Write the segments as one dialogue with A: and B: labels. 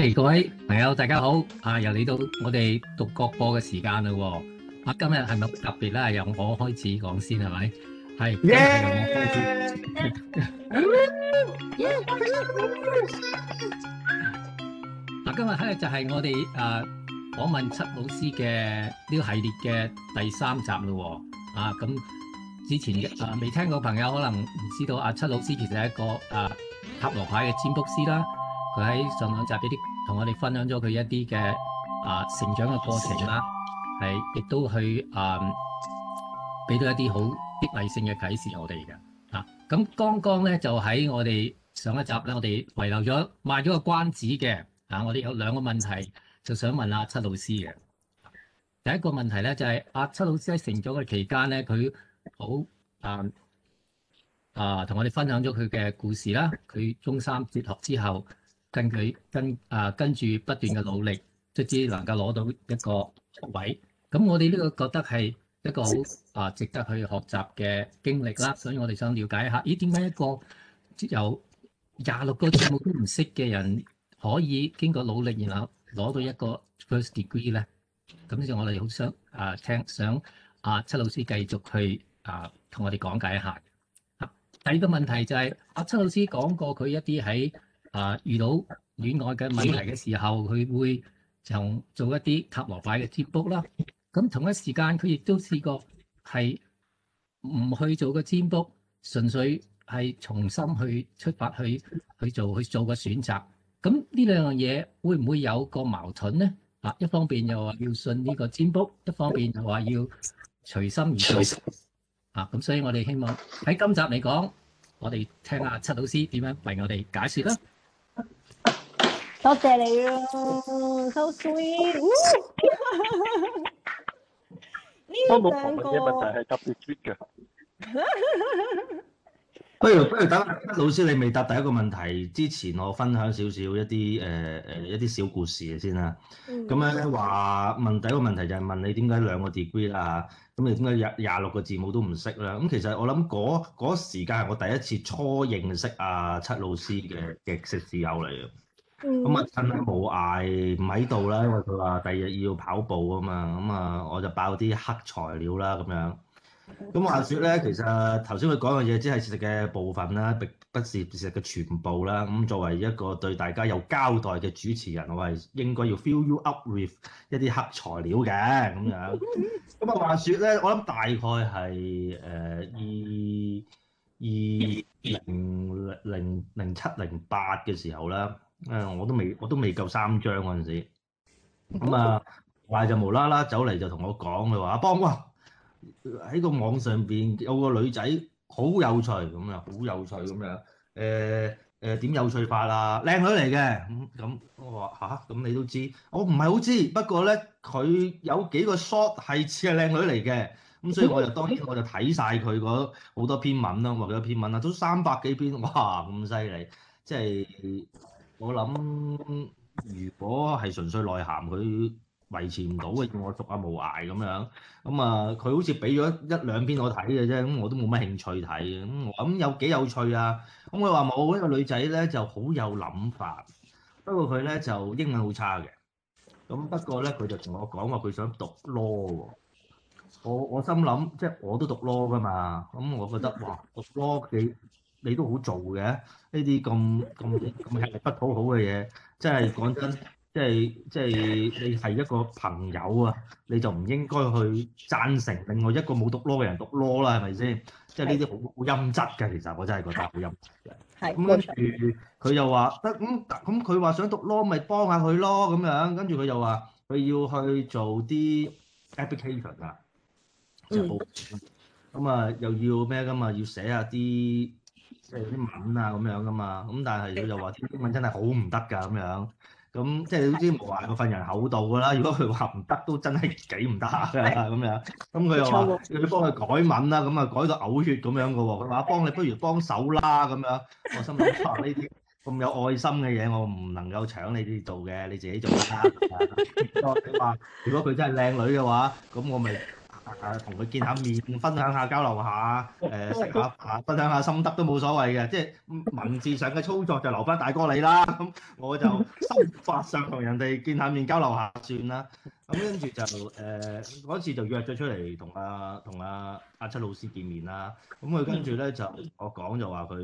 A: Hey, 各位朋友，大家好！啊，又嚟到我哋獨角播嘅時間啦、哦！啊，今日係咪特別咧？由我開始講先係咪？係，今日由我開始。 啊，今日咧就係我哋誒訪問七老師嘅呢個系列嘅第三集啦、哦！啊，咁之前啊未聽過朋友可能唔知道，阿、啊、七老師其實係一個誒、啊、塔羅牌嘅占卜師啦。佢喺上兩集俾啲。我哋分享咗佢一啲嘅啊成長嘅過程啦，係亦都去啊，俾、嗯、到一啲好激勵性嘅啟示我哋嘅。啊，咁剛剛咧就喺我哋上一集咧，我哋遺留咗賣咗個關子嘅。啊，我哋有兩個問題就想問阿、啊、七老師嘅。第一個問題咧就係、是、阿、啊、七老師喺成長嘅期間咧，佢好啊啊，同、啊、我哋分享咗佢嘅故事啦。佢中三哲學之後，跟佢跟啊跟住不斷嘅努力，卒之能夠攞到一個學位。咁我哋呢個覺得係一個好啊值得去學習嘅經歷啦。所以我哋想了解一下，咦，點解一個有廿六個字母都唔識嘅人，可以經過努力然後攞到一個 first degree 咧？咁所以我哋好想啊聽，想阿七老師繼續去啊同我哋講解一下。第二個問題就係、是、阿七老師講過佢一啲喺。啊！遇到戀愛嘅問題嘅時候，佢會就做一啲塔羅牌嘅占卜啦。咁同一時間，佢亦都試過係唔去做個占卜，純粹係重新去出發去去做去做個選擇。咁呢兩樣嘢會唔會有個矛盾咧？啊！一方面又話要信呢個占卜，一方面又話要隨心而做。啊！咁所以我哋希望喺今集嚟講，我哋聽阿七老師點樣為我哋解説啦。
B: 多謝你咯，so sweet，呢 兩兩個。
C: 我冇答嘅問題係特別 sweet 嘅。不如不如等七老師你未答第一個問題之前，我分享少少一啲誒誒一啲小故事先啦。咁樣話，問第一個問題就係問你點解兩個 degree 啦，啊？咁你點解廿廿六個字母都唔識咧？咁其實我諗嗰嗰時間係我第一次初認識阿、啊、七老師嘅嘅食肆友嚟嘅。咁啊，趁係冇捱唔喺度啦，因為佢話第二日要跑步啊嘛。咁啊，我就爆啲黑材料啦，咁樣。咁話説咧，其實頭先佢講嘅嘢只係事實嘅部分啦，並不是事實嘅全部啦。咁作為一個對大家有交代嘅主持人，我係應該要 fill you up with 一啲黑材料嘅咁樣。咁啊，話説咧，我諗大概係誒二二零零零七零八嘅時候啦。誒、嗯，我都未，我都未夠三張嗰陣時，
D: 咁、嗯、啊，
C: 話就無啦啦走嚟就同我講，佢話阿幫喺個網上邊有個女仔好有趣，咁樣好有趣咁樣，誒誒點有趣法、嗯、啊？靚女嚟嘅，咁咁我話吓，咁你都知，我唔係好知，不過咧佢有幾個 shot 係似係靚女嚟嘅，咁、嗯、所以我就當然我就睇晒佢好多篇文啦，咁啊幾篇文啊，都三百幾篇，哇咁犀利，即係。我諗，如果係純粹內涵佢維持唔到嘅，叫我讀下無涯咁樣，咁啊佢好似俾咗一兩篇我睇嘅啫，咁我都冇乜興趣睇嘅，咁咁有幾有趣啊？咁佢話冇，呢個女仔咧就好有諗法，不過佢咧就英文好差嘅，咁不過咧佢就同我講話佢想讀 law，我我心諗，即係我都讀 law 㗎嘛，咁我覺得哇讀 law 幾～你都好做嘅，呢啲咁咁咁不討好嘅嘢，即係講真，即係即係你係一個朋友啊，你就唔應該去贊成另外一個冇讀 law 嘅人讀 law 啦，係咪先？即係呢啲好好陰質嘅，其實我真係覺得好是陰質樂嘅。係、嗯。咁跟住佢又話得咁咁，佢話、嗯、想讀 law 咪幫下佢咯，咁樣跟住佢又話佢要去做啲 application 啊，
D: 就
C: 好。咁、嗯、啊、嗯、又要咩㗎嘛？要寫下啲。即係啲文啊咁樣噶嘛，咁但係佢就話啲英文真係好唔得噶咁樣，咁即係你都知無話佢份人厚道噶啦。如果佢話唔得，都真係幾唔得噶咁樣。咁佢又話要幫佢改文啦，咁啊改到嘔血咁樣噶喎。佢話幫你不如幫手啦咁樣。我心諗呢啲咁有愛心嘅嘢，我唔能夠搶你啲做嘅，你自己做啦。咁你話，如果佢真係靚女嘅話，咁我咪。啊，同佢見下面，分享下交流下，誒、呃、食下啊，分享下心得都冇所謂嘅，即係文字上嘅操作就留翻大哥你啦。咁我就心法上同人哋見下面交流下算啦。咁跟住就誒嗰、呃、次就約咗出嚟同啊同啊阿、啊、七老師見面、嗯、說說啦。咁佢跟住咧就我講就話佢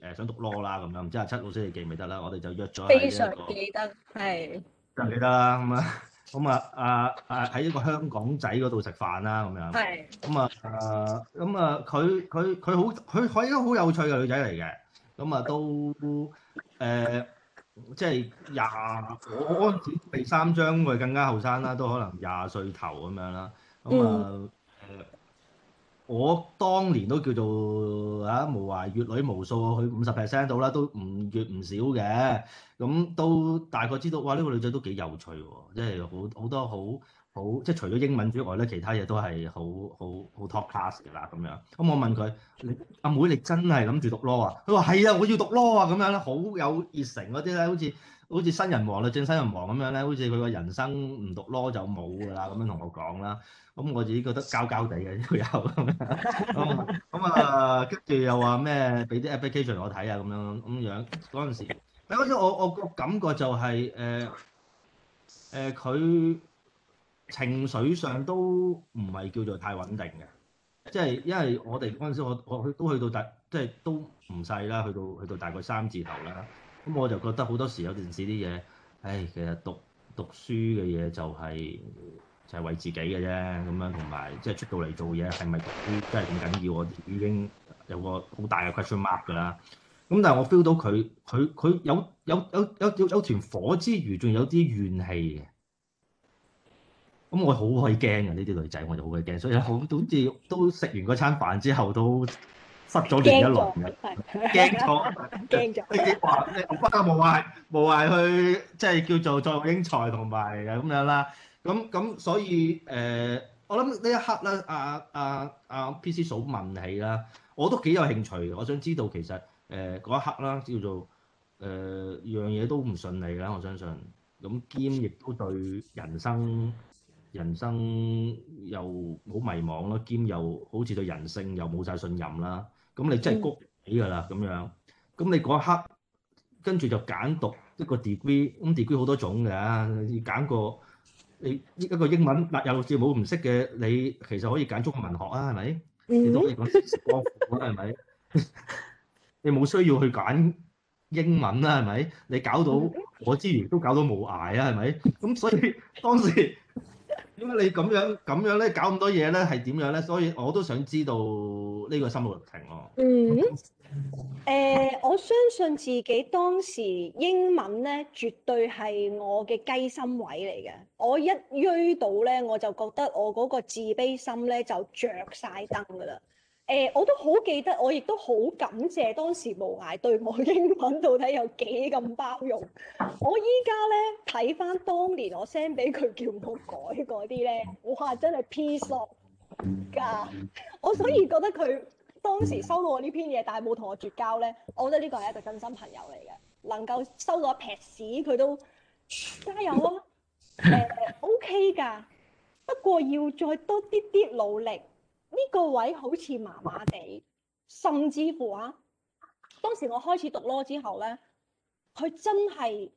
C: 誒想讀 law 啦咁樣，唔知阿、啊、七老師你記唔記得啦？我哋就約咗、這個、
B: 非常記
C: 得係、嗯，記得啦咁啊。咁啊，啊啊喺一個香港仔嗰度食飯啦，咁樣。係對。
D: 咁
C: 啊，咁啊，佢佢佢好，佢佢，以都好有趣嘅女仔嚟嘅。咁啊，都誒，iev，即係廿，我嗰陣時第三張佢更加後生啦，都可能廿歲頭咁樣啦。嗯。我當年都叫做嚇，無話閱女無數，去五十 percent 到啦，都唔越唔少嘅。咁都大概知道，哇！呢、這個女仔都幾有趣喎，即係好好多好好，即係除咗英文之外咧，其他嘢都係好好好 top class 㗎啦。咁樣咁我問佢：阿妹，你真係諗住讀 law 啊？佢話：係啊，我要讀 law 啊！咁樣好有熱誠嗰啲咧，好似～好似新人王啦，正新人王咁樣咧，好似佢個人生唔讀 law 就冇㗎啦，咁樣同我講啦。咁我自己覺得膠膠地嘅都有咁樣。咁 啊、嗯，嗯、跟住、嗯嗯、又話咩？俾啲 application 我睇啊，咁樣咁樣嗰陣時，喺嗰陣時我我個感覺就係誒誒佢情緒上都唔係叫做太穩定嘅，即係因為我哋嗰陣時我我去都去到大，即係都唔細啦，去到去到大概三字頭啦。咁我就覺得好多時有陣時啲嘢，唉，其實讀讀書嘅嘢就係就係為自己嘅啫，咁樣同埋即係出到嚟做嘢係咪讀書真係咁緊要，我已經有個好大嘅 question mark 㗎啦。咁但係我 feel 到佢佢佢有有有有有有團火之餘，仲有啲怨氣嘅。咁我好鬼驚嘅呢啲女仔，我就好鬼驚。所以好好似都食完嗰餐飯之後都。失咗連一輪
D: 嘅，驚
C: 咗了，驚咗 了。你話你不無謂無謂去，即係叫做作育英才同埋咁樣啦。咁咁所以誒、呃，我諗呢一刻咧，阿阿阿 PC 嫂問起啦，我都幾有興趣。我想知道其實誒嗰、呃、一刻啦，叫做誒、呃、樣嘢都唔順利啦。我相信咁兼亦都對人生人生又好迷茫咯，兼又好似對人性又冇晒信任啦。咁你真係谷起㗎啦，咁樣，咁你嗰一刻跟住就揀讀一個 degree，咁 degree 好多種嘅，要揀個你一個英文，嗱有老師冇唔識嘅，你其實可以揀中文學啊，係咪？
D: 你都可以講
C: 光復啊，係咪？ 你冇需要去揀英文啦，係咪？你搞到 我之餘都搞到無涯啊，係咪？咁所以當時。點解你咁樣咁樣咧搞咁多嘢咧係點樣咧？所以我都想知道呢個心路歷程咯。嗯？
B: 誒，我相信自己當時英文咧，絕對係我嘅雞心位嚟嘅。我一衰到咧，我就覺得我嗰個自卑心咧就着晒燈噶啦。誒、欸，我都好記得，我亦都好感謝當時無涯對我英文到底有幾咁包容。我依家咧睇翻當年我 send 俾佢叫我改嗰啲咧，我話真係 peace 咯噶。 我所以覺得佢當時收到我呢篇嘢，但係冇同我絕交咧，我覺得呢個係一個真心朋友嚟嘅，能夠收到一撇屎，佢都加油啊！誒、呃、OK 噶，不過要再多啲啲努力。呢個位好似麻麻地，甚至乎啊，當時我開始讀 law 之後咧，佢真係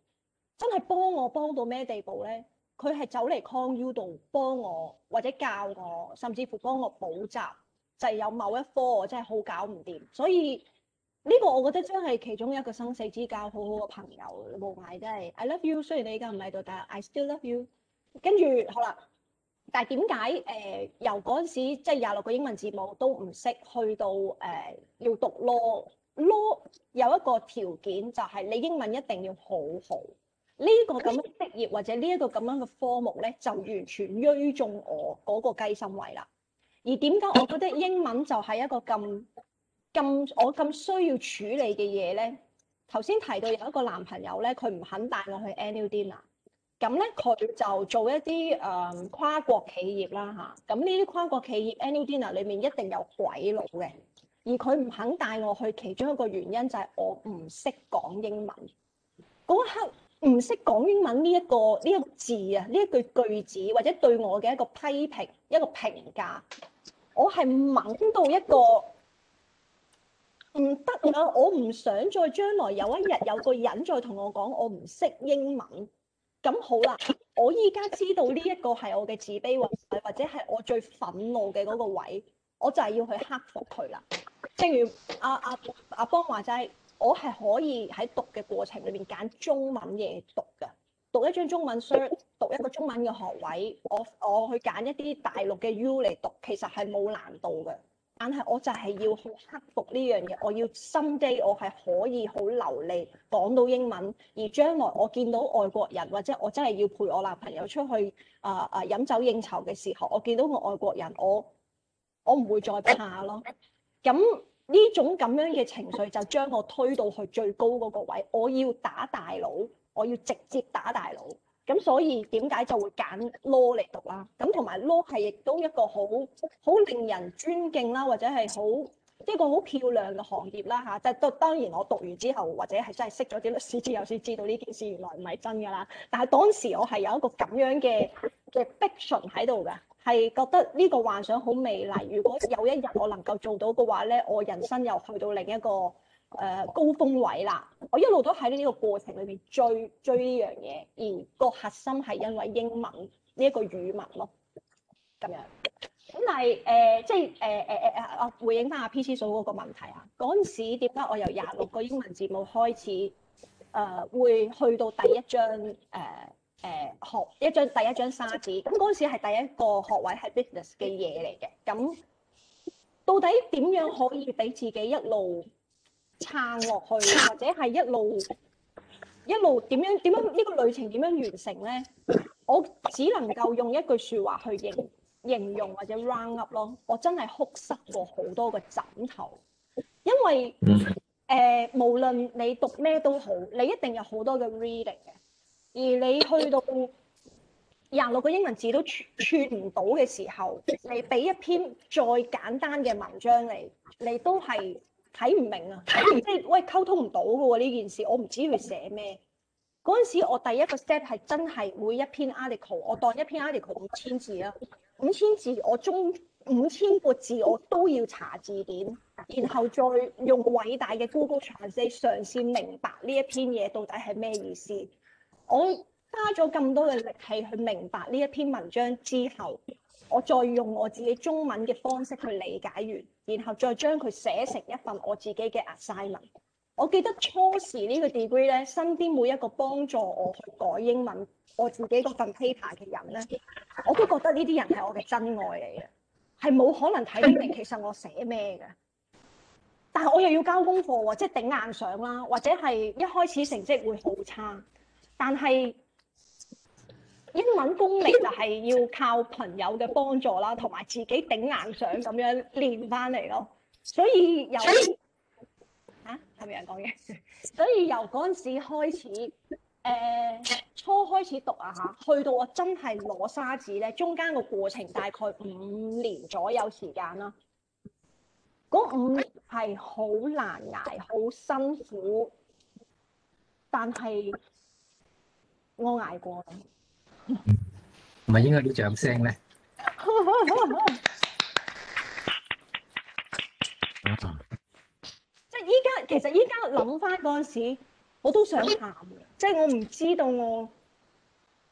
B: 真係幫我幫到咩地步咧？佢係走嚟 call u 度幫我，或者教我，甚至乎幫我補習，就係、是、有某一科我真係好搞唔掂。所以呢、這個我覺得真係其中一個生死之交，好好嘅朋友，冇埋真係。I love you，雖然你而家唔喺度，但係 I still love you。跟住好啦。但係點解誒由嗰陣時即係廿六個英文字母都唔識，去到誒、呃、要讀 law，law 有一個條件就係、係、你英文一定要好好呢、呢個咁樣嘅職業或者呢一個咁樣嘅科目咧，就完全喐中我嗰個雞心位啦。而點解我覺得英文就係一個咁咁我咁需要處理嘅嘢咧？頭先提到有一個男朋友咧，佢唔肯帶我去 annual dinner。咁咧，佢就做一啲誒跨國企業啦嚇。咁呢啲跨國企業 annual dinner 裏面一定有鬼佬嘅，而佢唔肯帶我去。其中一個原因就係我唔識講英文嗰刻，唔識講英文呢一個呢一個字啊，呢一句句子或者對我嘅一個批評一個評價，我係敏感到一個唔得啊！我唔想再將來有一日有個人再同我講我唔識英文。咁好啦，我依家知道呢一個係我嘅自卑位，或者係我最憤怒嘅嗰個位，我就係要去克服佢啦。正如阿阿阿邦話齋，我係可以喺讀嘅過程裏邊揀中文嘢讀嘅，讀一張中文 cert，讀一個中文嘅學位，我我去揀一啲大陸嘅 U 嚟讀，其實係冇難度嘅。但係我就係要好克服呢樣嘢，我要 someday 我係可以好流利講到英文，而將來我見到外國人或者我真係要陪我男朋友出去啊啊飲酒應酬嘅時候，我見到個外國人，我我唔會再怕咯。咁呢種咁樣嘅情緒就將我推到去最高嗰個位，我要打大佬，我要直接打大佬。咁所以點解就會揀 law 嚟讀啦？咁同埋 law 係亦都一個好好令人尊敬啦，或者係好一個好漂亮嘅行業啦吓，即係當當然我讀完之後，或者係真係識咗啲律師之後，先知道呢件事原來唔係真㗎啦。但係當時我係有一個咁樣嘅嘅 fiction 喺度㗎，係覺得呢個幻想好美麗。如果有一日我能夠做到嘅話咧，我人生又去到另一個。誒、呃、高峰位啦，我一路都喺呢個過程裏邊追追呢樣嘢，而個核心係因為英文呢一、呢個語文咯，咁樣。咁但係誒、呃，即係誒誒誒誒，我回應翻阿 P C 嫂嗰個問題啊。嗰陣時點解我由廿六個英文字母開始，誒、呃、會去到第一張誒誒、呃、學一張第一張沙紙？咁嗰陣時係第一個學位係 business 嘅嘢嚟嘅。咁到底點樣可以俾自己一路？撐落去，或者係一路一路點樣點樣呢、呢個旅程點樣完成咧？我只能夠用一句說話去形容或者 round up 咯。我真係哭濕過好多個枕頭，因為誒、呃、無論你讀咩都好，你一定有好多嘅 reading 嘅。而你去到廿六個英文字都串唔到嘅時候，你俾一篇再簡單嘅文章嚟，你都係。睇唔明啊，即係喂，溝通唔到嘅喎呢件事，我唔知佢寫咩。嗰陣時我第一個 step 係真係每一篇 article，我當一篇 article 五千字啊，五千字我中五千個字我都要查字典，然後再用偉大嘅 Google Translate 嘗，嘗試明白呢一篇嘢到底係咩意思。我花咗咁多嘅力氣去明白呢一篇文章之後。我再用我自己中文嘅方式去理解完，然後再將佢寫成一份我自己嘅 assignment。我記得初時呢個 degree 咧，身邊每一個幫助我去改英文我自己嗰份 paper 嘅人咧，我都覺得呢啲人係我嘅真愛嚟嘅，係冇可能睇唔明其實我寫咩嘅。但係我又要交功課，哦，喎，即係頂硬上啦，或者係一開始成績會好差，但係。英文功力就係要靠朋友嘅幫助啦，同埋自己頂硬上咁樣練翻嚟咯。所以由嚇係咪人講嘢？所以由嗰陣時開始，誒、呃、初開始讀啊嚇，去到我真係攞沙紙咧，中間個過程大概五年左右時間啦。嗰、那、五、個、年係好難捱，好辛苦，但係我捱過。
A: 咪應該啲掌聲咧，
B: 好啊好啊好啊好啊，即係依家其實依家諗翻嗰陣時，我都想喊，即係我唔知道我，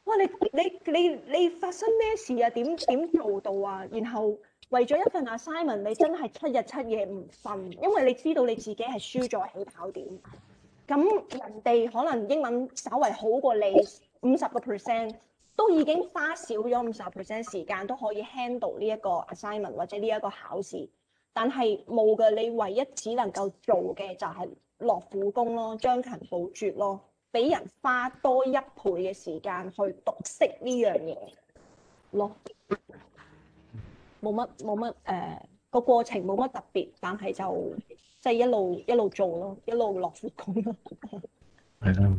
B: 哇！你你你你發生咩事啊？點點做到啊？然後為咗一份 assignment，你真係七日七夜唔瞓，因為你知道你自己係輸咗起跑點。咁人哋可能英文稍為好過你五十個 percent。都已經花少咗五十 percent 時間都可以 handle 呢一個 assignment 或者呢一個考試，但係冇嘅。你唯一只能夠做嘅就係落苦功咯，將勤補拙咯，俾人花多一倍嘅時間去讀識呢樣嘢咯。冇乜冇乜誒，個過程冇乜特別，但係就即係、就係、一路一路做咯，一路落苦功咯。係啦。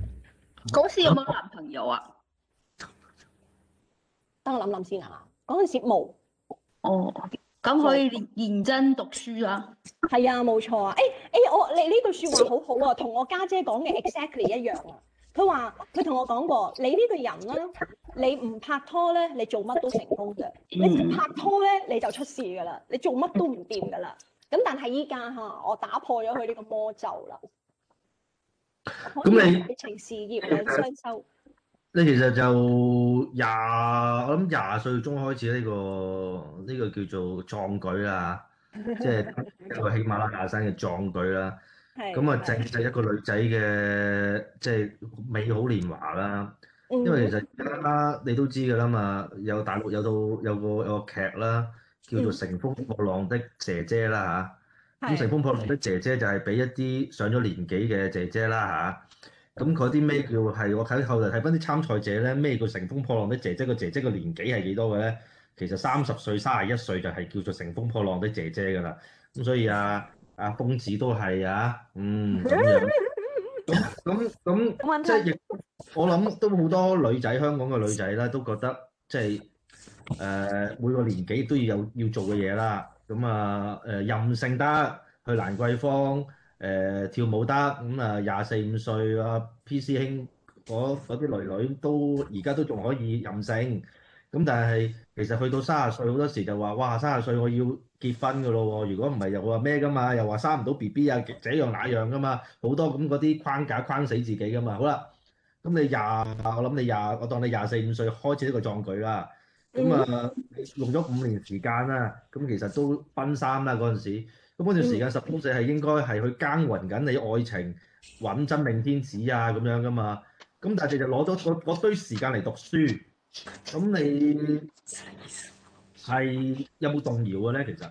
B: 嗰時有冇男朋友啊？等我諗諗先啊，嗰陣時冇。哦，咁佢以認真讀書啦。係啊，冇錯啊。誒誒、欸欸，我你呢句說話好好啊，同我家姐講嘅 exactly 一樣啊。佢話佢同我講過，你呢個人咧、啊，你唔拍拖咧，你做乜都成功嘅。你拍拖咧，你就出事噶啦，你做乜都唔掂噶啦。咁但係依家吓，我打破咗佢呢個魔咒啦。咁你愛情事業兩相收。
C: 你其實就廿，我諗廿歲中開始呢、呢個呢、呢個叫做壯舉啦，即係 一個喜馬拉雅山嘅壯舉啦。咁啊，正正一個女仔嘅即係美好年華啦。
D: 因為其實
C: 而家你都知㗎啦嘛，有大陸有套有個有個劇啦，叫做《乘風破浪的姐姐》啦嚇。咁《乘風破浪的姐姐》就係俾一啲上咗年紀嘅姐姐啦嚇。咁嗰啲咩叫係我睇後嚟睇翻啲參賽者咧？咩叫乘風破浪的姐姐？個姐姐個年紀係幾多嘅咧？其實三十歲、卅一歲就係叫做乘風破浪的姐姐噶啦。咁所以阿阿瘋子都係啊，嗯。咁咁咁，即係亦我諗都好多女仔，香港嘅女仔咧，都覺得即係誒、呃、每個年紀都要有要做嘅嘢啦。咁啊誒任性得去蘭桂坊。誒、呃、跳舞得咁啊，廿、嗯、四五歲啊，PC 兄嗰啲女女都而家都仲可以任性，咁、嗯、但係其實去到卅歲好多時就話哇，卅歲我要結婚噶咯喎，如果唔係又話咩噶嘛，又話生唔到 B B 啊，這樣那樣噶嘛，好多咁嗰啲框架框死自己噶嘛。好啦，咁、嗯、你廿我諗你廿，我當你廿四五歲開始呢個壯舉啦，咁、嗯、啊、嗯嗯嗯、用咗五年時間啦，咁其實都奔三啦嗰陣時。咁嗰段時間，十公尺係應該係去耕耘緊你愛情揾真命天子啊，咁樣噶嘛？咁但係其實攞咗嗰堆時間嚟讀書，咁你係有冇動搖嘅咧？其實，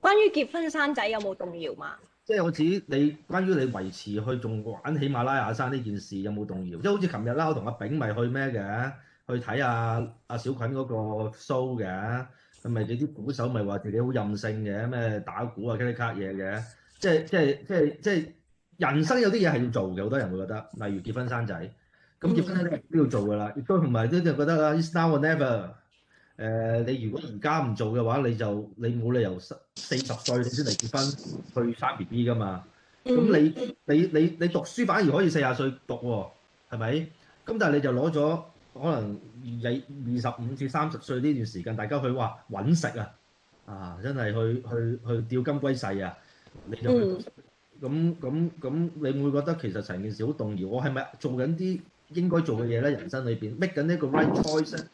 D: 關
B: 於結婚生仔有冇動搖嘛？
C: 即係好似你關於你維持去仲玩喜馬拉雅山呢件事有冇動搖？即係好似琴日啦，我同阿炳咪去咩嘅？去睇阿阿小菌嗰個 show 嘅。係咪你啲鼓手咪話自己好任性嘅咩打鼓啊，卡卡嘢嘅，即係即係即係即係人生有啲嘢係要做嘅，好多人會覺得，例如結婚生仔，咁結婚咧都要做㗎啦，亦都同埋都就覺得啊，it's now or never，誒、呃、你如果而家唔做嘅話，你就你冇理由四四十歲先嚟結婚去生 B B 㗎嘛，咁你你你你讀書反而可以四廿歲讀喎、哦，係咪？咁但係你就攞咗。可能二二十五至三十歲呢段時間，大家去話揾食啊，啊，真係去去去釣金龜婿啊，你咁咁咁，嗯、你會覺得其實成件事好動搖，我係咪做緊啲應該做嘅嘢咧？人生裏邊，make 緊呢個 right choice。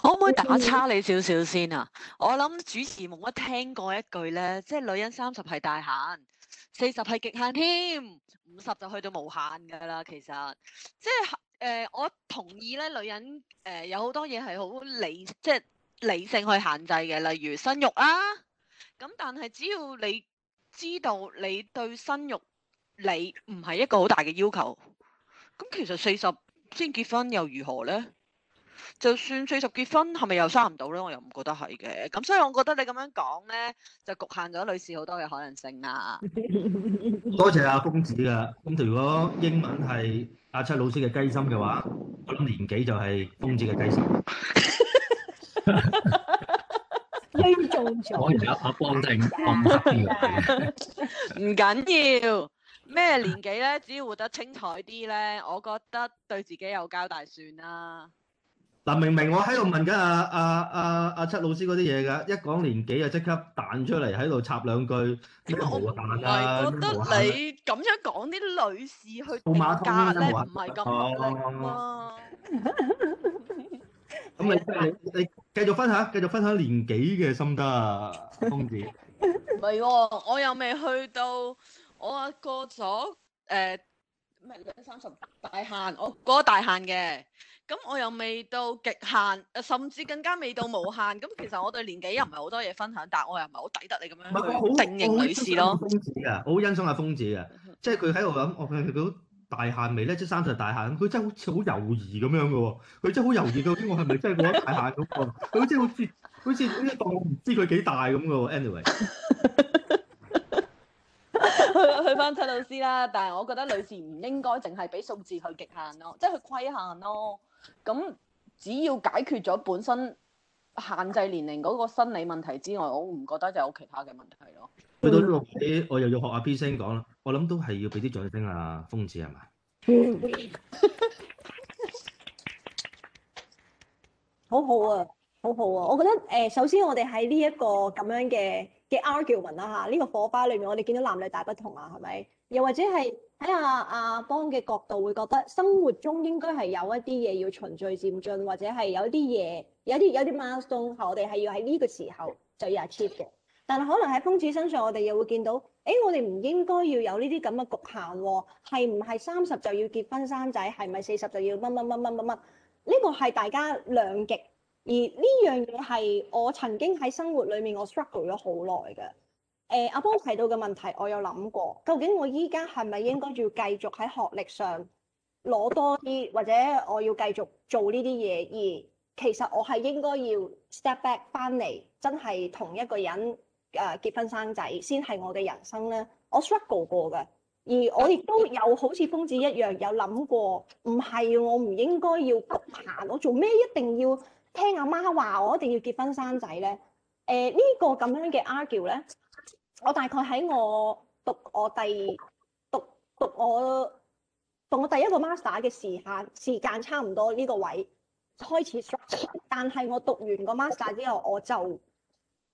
C: 可
E: 唔可以打叉你少少先啊？我諗主持冇乜聽過一句咧，即係女人三十係大限，四十係極限添，五十就去到無限㗎啦。其實即係。誒，uh, 我同意咧，女人誒、uh, 有好多嘢係好理，即、就、係、是、理性去限制嘅，例如生育啊。咁但係只要你知道你對生育你唔係一個好大嘅要求，咁其實四十先結婚又如何咧？就算四十結婚係咪又生唔到咧？我又唔覺得係嘅。咁所以我覺得你咁樣講咧，就局限咗
D: 女士好多嘅可能性啊。多謝阿
C: 公子啊。咁如果英文係？阿七老師嘅雞心嘅話，我諗年紀就係瘋子嘅雞心。
E: 要做唔做？
A: 我而家
C: 我幫定唔緊
A: 要。
E: 唔緊要咩年紀咧，只要活得精彩啲咧，我覺得對自己有交代算啦。
C: 嗱，明明我喺度問緊阿阿阿阿七老師嗰啲嘢㗎，一講年紀就即刻彈出嚟喺度插兩句，咩冇彈啊？覺得你
E: 咁樣講啲女士去定
C: 價咧，唔係咁合理嘛？咁
D: 你
C: 你你繼續分享，繼續分享年紀嘅心得，公子。
E: 唔係喎，我又未去到我阿哥所誒。咩？三十大限，我過咗大限嘅，咁我又未到極限，誒，甚至更加未到無限。咁其實我對年紀又唔係好多嘢分享，但係我又唔係好抵得你咁樣去定型
C: 女士咯。子啊，我好欣賞阿峰子啊，即係佢喺度諗，我佢佢都大限未咧，即係三十大限，佢真係好似好猶豫咁樣嘅喎，佢真係好猶豫究竟我係咪真係過咗大限嗰個？佢真係好似好似好似當我唔知佢幾大咁嘅 Anyway。
E: 去去翻七老師啦，但係我覺得女士唔應該淨係俾數字去極限咯，即係去規限咯。咁只要解決咗本身限制年齡嗰個心理問題之外，我唔覺得就有其他嘅問題咯。
C: 去到六幾，我又要學阿 P 先講啦。我諗都係要俾啲掌聲啊，瘋子係嘛？
B: 好好啊，好好啊！我覺得誒、呃，首先我哋喺呢一個咁樣嘅嘅 argument 啦吓，呢個火花裏面我哋見到男女大不同啊，係咪？又或者係喺阿阿邦嘅角度會覺得生活中應該係有一啲嘢要循序漸進，或者係有啲嘢有啲有啲 milestone，我哋係要喺呢個時候就要 achieve 嘅。但係可能喺峰子身上，我哋又會見到，誒，我哋唔應該要有呢啲咁嘅局限，係唔係三十就要結婚生仔，係咪四十就要乜乜乜乜乜乜？呢、這個係大家兩極。而呢樣嘢係我曾經喺生活裏面我 struggle 咗好耐嘅。誒、呃，阿波提到嘅問題，我有諗過，究竟我依家係咪應該要繼續喺學歷上攞多啲，或者我要繼續做呢啲嘢？而其實我係應該要 step back 翻嚟，真係同一個人誒、呃、結婚生仔先係我嘅人生咧。我 struggle 過嘅，而我亦都有好似瘋子一樣有諗過，唔係我唔應該要侷限，我做咩一定要？聽阿媽話，我一定要結婚生仔咧。誒、呃、呢、這個咁樣嘅 argue 咧，我大概喺我讀我第讀讀我讀我第一個 master 嘅時限時間差唔多呢個位開始 struggle，但係我讀完個 master 之後，我就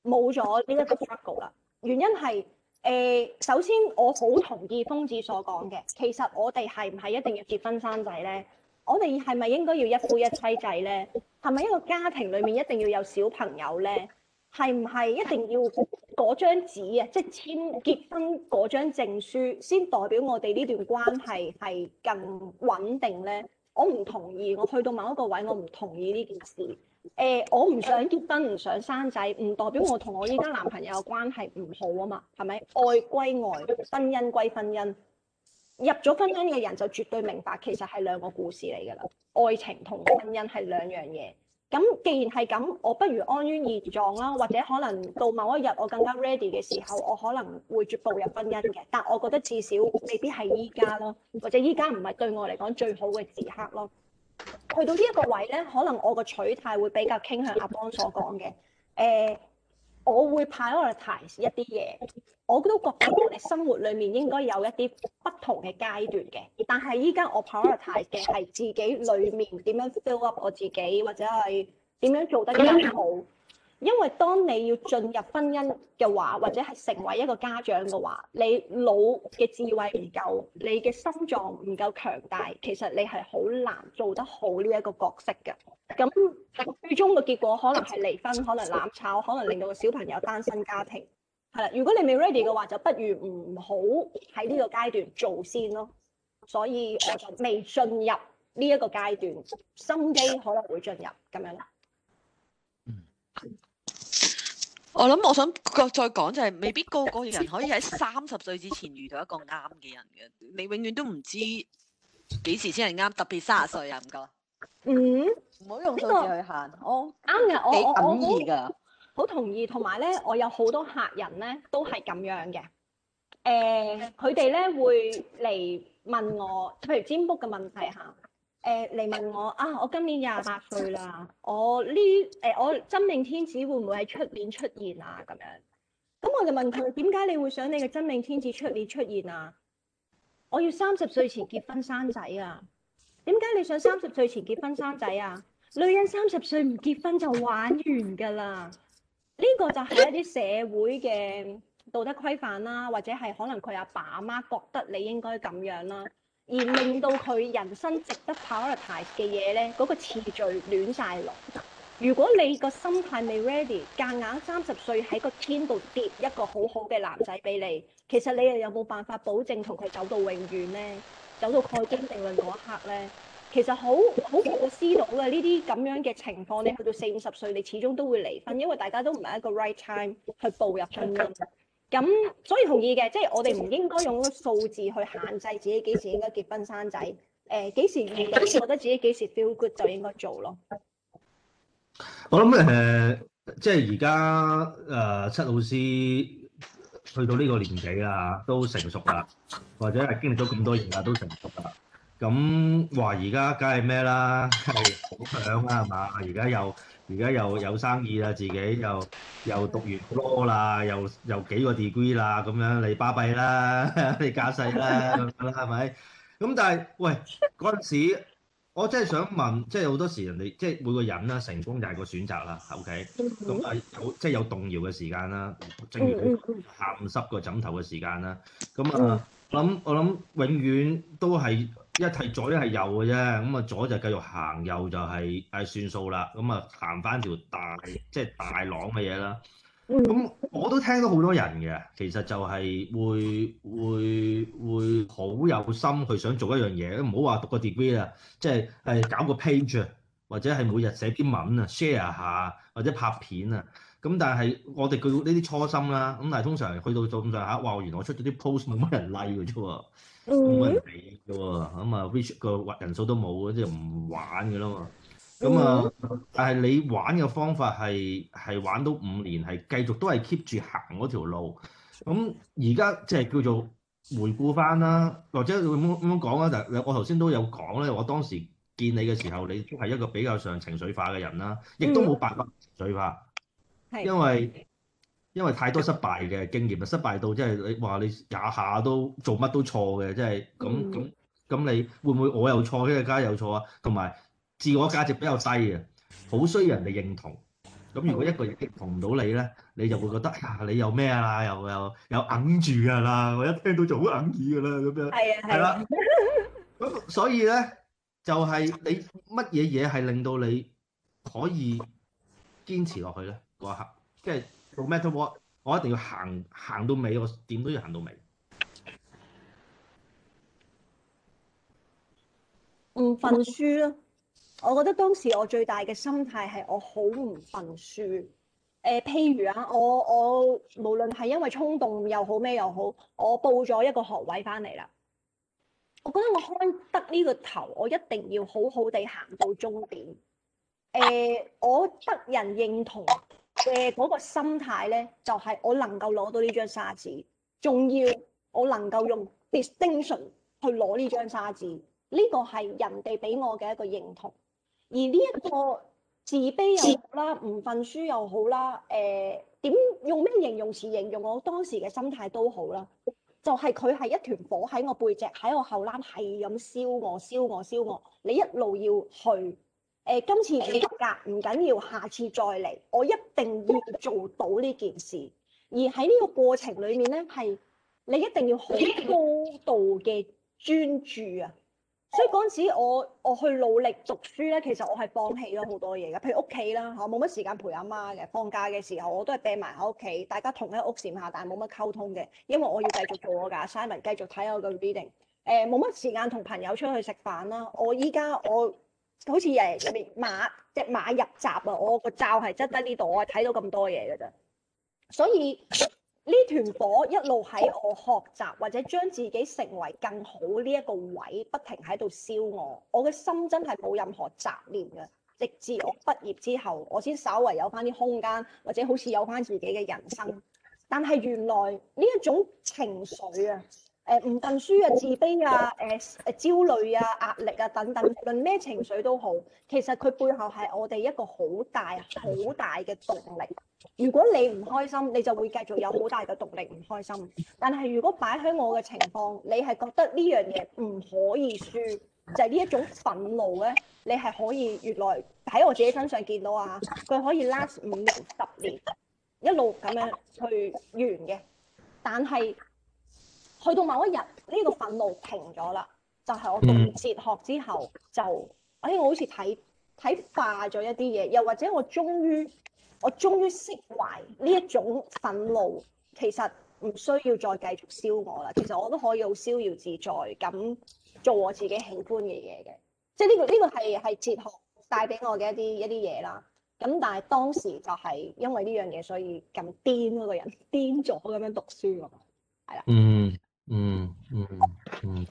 B: 冇咗呢一個 struggle 啦。原因係誒、呃，首先我好同意瘋子所講嘅，其實我哋係唔係一定要結婚生仔咧？我哋係咪應該要一夫一妻制呢？係咪一個家庭裡面一定要有小朋友呢？係唔係一定要嗰張紙啊？即係簽結婚嗰張證書先代表我哋呢段關係係更穩定呢？我唔同意，我去到某一個位，我唔同意呢件事。誒、呃，我唔想結婚，唔想生仔，唔代表我同我依家男朋友嘅關係唔好啊嘛？係咪愛歸愛，婚姻歸婚姻。入咗婚姻嘅人就絕對明白，其實係兩個故事嚟㗎啦。愛情同婚姻係兩樣嘢。咁既然係咁，我不如安於現狀啦，或者可能到某一日我更加 ready 嘅時候，我可能會絕步入婚姻嘅。但我覺得至少未必係依家咯，或者依家唔係對我嚟講最好嘅時刻咯。去到呢一個位呢，可能我個取態會比較傾向阿邦所講嘅，誒、欸。我會 prioritize 一啲嘢，我都覺得我哋生活裏面應該有一啲不同嘅階段嘅，但係依家我 prioritize 嘅係自己裏面點樣 fill up 我自己，或者係點樣做得更好。因為當你要進入婚姻嘅話，或者係成為一個家長嘅話，你腦嘅智慧唔夠，你嘅心臟唔夠強大，其實你係好難做得好呢一個角色嘅。咁最終嘅結果可能係離婚，可能攬炒，可能令到個小朋友單身家庭。係啦，如果你未 ready 嘅話，就不如唔好喺呢個階段做先咯。所以我就未進入呢一個階段，心機可能會進入咁樣。嗯，
E: 我諗我想再再講就係、是，未必個個人可以喺三十歲之前遇到一個啱嘅人嘅，你永遠都唔知幾時先係啱，特別三十歲啊唔該。嗯，
B: 唔好用數字去限、這個哦、我。啱嘅，我，我，我好同意噶，好同意。同埋咧，我有好多客人咧都係咁樣嘅。誒、呃，佢哋咧會嚟問我，譬如占卜嘅問題吓。誒嚟、呃、問我啊！我今年廿八歲啦，我呢誒、呃、我真命天子會唔會喺出面出現啊？咁樣，咁我就問佢點解你會想你嘅真命天子出面出現啊？我要三十歲前結婚生仔啊！點解你想三十歲前結婚生仔啊？女人三十歲唔結婚就玩完㗎啦！呢、呢個就係一啲社會嘅道德規範啦，或者係可能佢阿爸阿媽覺得你應該咁樣啦。而令到佢人生值得 prioritize 嘅嘢咧，嗰、那個次序亂晒籠。如果你個心態未 ready，夾硬三十歲喺個天度跌一個好好嘅男仔俾你，其實你又有冇辦法保證同佢走到永遠咧？走到蓋棺定論嗰一刻咧，其實好好反思到嘅呢啲咁樣嘅情況咧，去到四五十歲你始終都會離婚，因為大家都唔係一個 right time 去步入婚姻。咁所以同意嘅，即係我哋唔應該用數字去限制自己幾時應該結婚生仔。誒幾時？如果覺得自己幾時 feel good 就應該做咯。
C: 我諗誒、呃，即係而家誒，七老師去到呢個年紀啦，都成熟啦，或者係經歷咗咁多年啦，都成熟啦。咁話而家梗係咩啦？係好響啊嘛！而家又～而家又有生意啦，自己又又讀完 law 啦，又又幾個 degree 啦，咁樣你巴閉啦，你架勢啦，係咪？ 咁但係喂，嗰陣時我真係想問，即係好多時人哋，即係每個人啦，成功就係個選擇啦，OK？咁啊， 有即係有動搖嘅時間啦，正如佢喊濕個枕頭嘅時間啦，咁啊。 嗯我諗我諗永遠都係一係左一係右嘅啫，咁啊，左就繼續行，右就係、是、誒、哎、算數啦，咁啊行翻條大即係、就是、大浪嘅嘢啦。咁我都聽到好多人嘅，其實就係會會會好有心去想做一樣嘢，唔好話讀、就是、個 degree 啦，即係誒搞個 page 或者係每日寫篇文啊 share 下或者拍片啊。咁但係我哋佢呢啲初心啦、啊。咁但係通常去到做咁上下，哇！原來我出咗啲 post 冇乜人 like 嘅啫，
D: 冇人理
C: 㗎喎。咁啊，which 個人數都冇，即係唔玩嘅啦嘛。咁啊，但係你玩嘅方法係係玩到五年，係繼續都係 keep 住行嗰條路。咁而家即係叫做回顧翻啦，或者咁樣講啦。但我頭先都有講咧，我當時見你嘅時候，你都係一個比較上情緒化嘅人啦，亦都冇辦法情緒化。因為因為太多失敗嘅經驗啊，失敗到即係你話你廿下都做乜都錯嘅，即係咁咁咁你會唔會我又錯，因為家又錯啊？同埋自我價值比較低啊，好需要人哋認同。咁如果一個人認同唔到你咧，你就會覺得啊，你有咩啊？又又又揞住㗎啦！我一聽到就好揞住㗎啦咁樣。係啊，係啦。咁所以咧，就係你乜嘢嘢係令到你可以堅持落去咧？嗰一刻，即係做咩都我，我一定要行行到尾，我點都要行到尾。
B: 唔忿輸咯，我覺得當時我最大嘅心態係我好唔忿輸。誒、呃，譬如啊，我我無論係因為衝動又好咩又好，我報咗一個學位翻嚟啦。我覺得我開得呢個頭，我一定要好好地行到終點。誒、呃，我得人認同嘅嗰個心態咧，就係、是、我能夠攞到呢張沙紙，仲要我能夠用 distinction 去攞呢張沙紙，呢個係人哋俾我嘅一個認同。而呢一個自卑又好啦，唔忿輸又好啦，誒、呃、點用咩形容詞形容我當時嘅心態都好啦，就係佢係一團火喺我背脊，喺我後欄係咁燒我、燒我、燒我，你一路要去。誒、呃，今次唔合格唔緊要，下次再嚟，我一定要做到呢件事。而喺呢個過程裡面咧，係你一定要好高度嘅專注啊！所以嗰陣時我，我我去努力讀書咧，其實我係放棄咗好多嘢嘅，譬如屋企啦嚇，冇乜時間陪阿媽嘅。放假嘅時候，我都係掟埋喺屋企，大家同喺屋檐下，但係冇乜溝通嘅，因為我要繼續做我㗎。Simon 繼續睇我嘅 reading，誒冇乜時間同朋友出去食飯啦。我依家我。好似誒入面馬隻馬入閘啊！我個罩係執得呢度，我係睇到咁多嘢嘅啫。所以呢團火一路喺我學習或者將自己成為更好呢一個位，不停喺度燒我。我嘅心真係冇任何雜念嘅，直至我畢業之後，我先稍為有翻啲空間，或者好似有翻自己嘅人生。但係原來呢一種情緒啊～誒唔認輸啊、自卑啊、誒誒焦慮啊、壓力啊等等，無論咩情緒都好，其實佢背後係我哋一個好大好大嘅動力。如果你唔開心，你就會繼續有好大嘅動力唔開心。但係如果擺喺我嘅情況，你係覺得呢樣嘢唔可以輸，就係呢一種憤怒咧，你係可以越來喺我自己身上見到啊，佢可以 last 五年十年，一路咁樣去完嘅。但係，去到某一日，呢個憤怒停咗啦。就係我讀完哲學之後，就哎，我好似睇睇化咗一啲嘢，又或者我終於我終於釋懷呢一種憤怒，其實唔需要再繼續燒我啦。其實我都可以好逍遙自在，咁做我自己喜歡嘅嘢嘅。即係呢個呢個係係哲學帶俾我嘅一啲一啲嘢啦。咁但係當時就係因為呢樣嘢，所以咁癲嗰個人癲咗咁樣讀書咯，
D: 係啦。嗯嗯嗯嗯，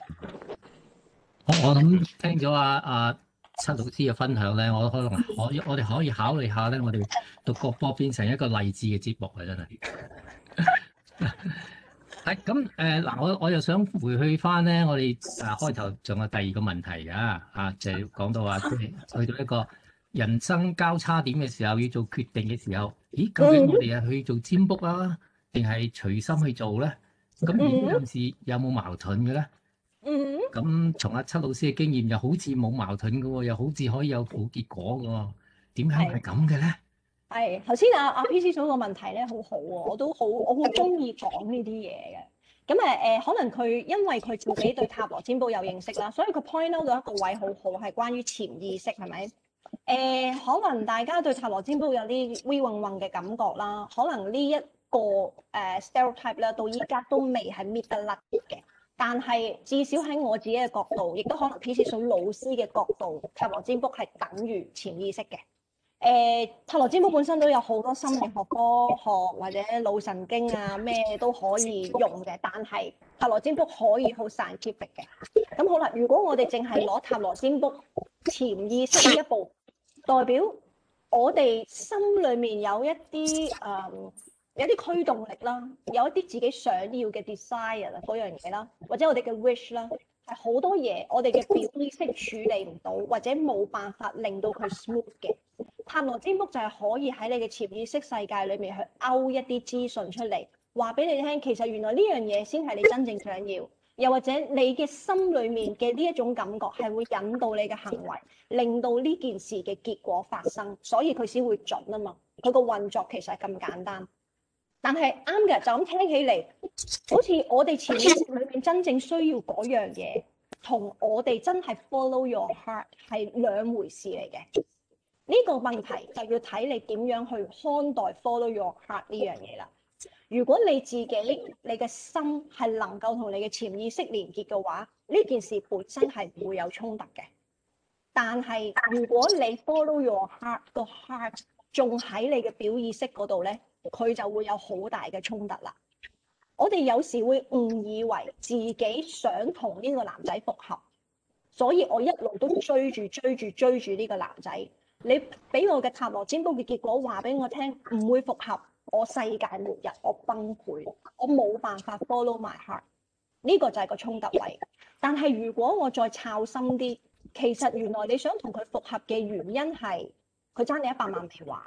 D: 好，我
A: 我諗聽咗阿阿七老師嘅分享咧，我可能可我哋可以考慮下咧，我哋讀國波變成一個勵志嘅節目啊，真係係咁，誒嗱，我我又想回去翻咧，我哋誒開頭仲有第二個問題噶啊，就係講到話即係去到一個人生交叉點嘅時候，要做決定嘅時候，咦？究竟我哋係去做占卜啊，定係隨心去做咧？咁有時有冇矛盾嘅咧？咁、嗯、從阿七老師嘅經驗又好似冇矛盾嘅喎，又好似可以有好結果嘅喎，點解係咁嘅咧？
B: 係頭先阿阿 P C 所個問題咧，好好喎、哦，我都好我好中意講呢啲嘢嘅。咁誒誒，可能佢因為佢自己對塔羅占卜有認識啦，所以佢 point out 到一個位好好，係關於潛意識，係咪？誒、呃，可能大家對塔羅占卜有啲暈暈嘅感覺啦，可能呢一個誒 stereotype 咧，到依家都未係搣得甩嘅。但係至少喺我自己嘅角度，亦都可能偏少老師嘅角度。塔羅占卜係等於潛意識嘅。誒，塔羅占卜本身都有好多心理學科學或者腦神經啊，咩都可以用嘅。但係塔羅占卜可以好 scientific 嘅。咁好啦，如果我哋淨係攞塔羅占卜潛意識一步，代表我哋心裡面有一啲誒。有啲驅動力啦，有一啲自己想要嘅 desire 嗰樣嘢啦，或者我哋嘅 wish 啦，係好多嘢我哋嘅表意識處理唔到，或者冇辦法令到佢 smooth 嘅。塔羅占卜就係可以喺你嘅潛意識世界裏面去勾一啲資訊出嚟，話俾你聽。其實原來呢樣嘢先係你真正想要，又或者你嘅心裏面嘅呢一種感覺係會引導你嘅行為，令到呢件事嘅結果發生，所以佢先會準啊嘛。佢個運作其實係咁簡單。但係啱嘅，就咁聽起嚟，好似我哋潛意識裏邊真正需要嗰樣嘢，同我哋真係 follow your heart 係兩回事嚟嘅。呢個問題就要睇你點樣去看待 follow your heart 呢樣嘢啦。如果你自己你嘅心係能夠同你嘅潛意識連結嘅話，呢件事本身係唔會有衝突嘅。但係如果你 follow your heart 個 heart 仲喺你嘅表意識嗰度咧？佢就會有好大嘅衝突啦。我哋有時會誤以為自己想同呢個男仔復合，所以我一路都追住追住追住呢個男仔。你俾我嘅塔羅占卜嘅結果話俾我聽，唔會復合，我世界末日，我崩潰，我冇辦法 follow my heart。呢個就係個衝突位。但係如果我再摷深啲，其實原來你想同佢復合嘅原因係佢爭你一百萬未還。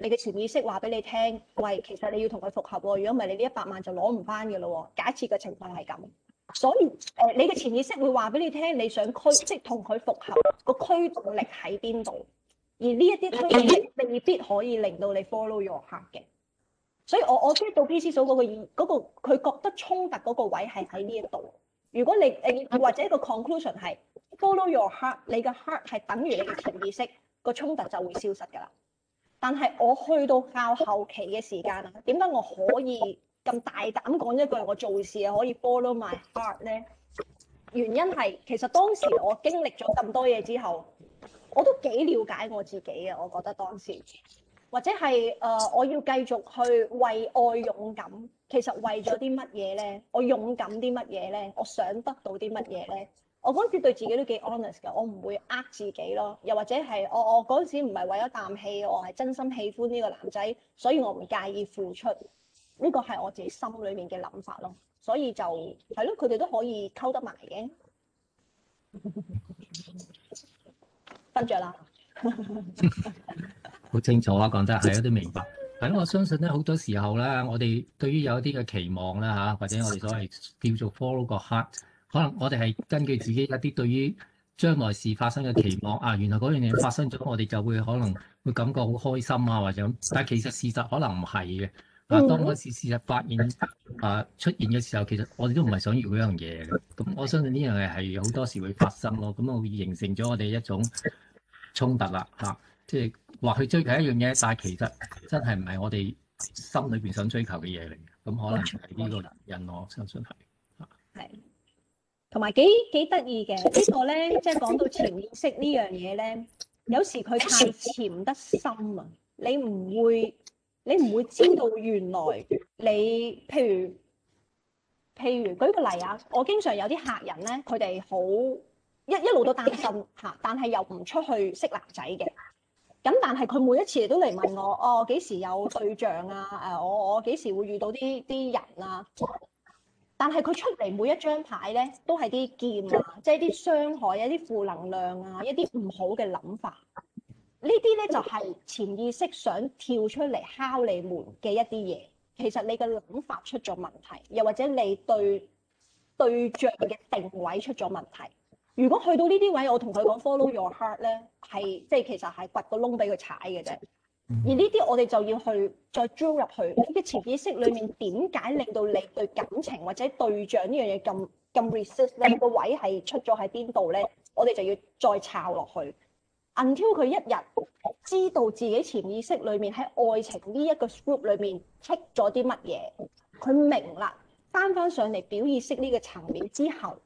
B: 你嘅潛意識話俾你聽，喂，其實你要同佢複合喎，哦，如果唔係，你呢一百萬就攞唔翻嘅咯。假設嘅情況係咁，所以誒、呃，你嘅潛意識會話俾你聽，你想驅，即係同佢複合個驅動力喺邊度？而呢一啲驅動力未必可以令到你 follow your heart 嘅。所以我我追到 P C 嫂嗰個意，嗰個佢覺得衝突嗰個位係喺呢一度。如果你誒、呃、或者一個 conclusion 係 follow your heart，你嘅 heart 係等於你嘅潛意識，個衝突就會消失噶啦。但係我去到較後期嘅時間啊，點解我可以咁大膽講一句我做事啊可以 follow my heart 呢？原因係其實當時我經歷咗咁多嘢之後，我都幾了解我自己嘅，我覺得當時或者係誒我要繼續去為愛勇敢。其實為咗啲乜嘢呢？我勇敢啲乜嘢呢？我想得到啲乜嘢呢？我嗰陣時對自己都幾 honest 㗎，我唔會呃自己咯，又或者係、哦、我我嗰陣時唔係為咗啖氣，我係真心喜歡呢個男仔，所以我唔介意付出，呢個係我自己心裏面嘅諗法咯。所以就係咯，佢哋都可以溝得埋嘅。瞓 著啦了，
A: 好 清楚啊，講得係、啊、都明白。咁 我相信咧，好多時候咧，我哋對於有一啲嘅期望咧嚇，或者我哋所謂叫做 follow 個 heart。可能我哋係根據自己一啲對於將來事發生嘅期望啊，原來嗰樣嘢發生咗，我哋就會可能會感覺好開心啊，或者咁。但係其實事實可能唔係嘅。
D: 嗱、啊，當嗰
A: 時事實發現啊出現嘅時候，其實我哋都唔係想要嗰樣嘢嘅。咁我相信呢樣嘢係好多時會發生咯。咁啊會形成咗我哋一種衝突啦，嚇、啊。即係話去追求一樣嘢，但係其實真係唔係我哋心裏邊想追求嘅嘢嚟。咁可能係呢個原因，我相信係嚇。係、
B: 啊。同埋幾幾得意嘅呢個咧，即係講到潛意識呢樣嘢咧，有時佢太潛得深啊，你唔會你唔會知道原來你譬如譬如舉個例啊，我經常有啲客人咧，佢哋好一一路都擔心，嚇，但係又唔出去識男仔嘅，咁但係佢每一次都嚟問我，哦，幾時有對象啊？誒、啊、我我幾時會遇到啲啲人啊？但係佢出嚟每一張牌咧，都係啲劍啊，即係啲傷害、一啲負能量啊，一啲唔好嘅諗法。呢啲咧就係、是、潛意識想跳出嚟敲你門嘅一啲嘢。其實你嘅諗法出咗問題，又或者你對對象嘅定位出咗問題。如果去到呢啲位，我同佢講 follow your heart 咧，係即係其實係掘個窿俾佢踩嘅啫。而呢啲我哋就要去再 drill 入去，啲潛意識裏面點解令到你對感情或者對象呢樣嘢咁咁 resist？你個位係出咗喺邊度咧？我哋就要再抄落去 until 佢一日，知道自己潛意識裏面喺愛情呢一個 scope 裏面 check 咗啲乜嘢，佢明啦，翻翻上嚟表意識呢個層面之後，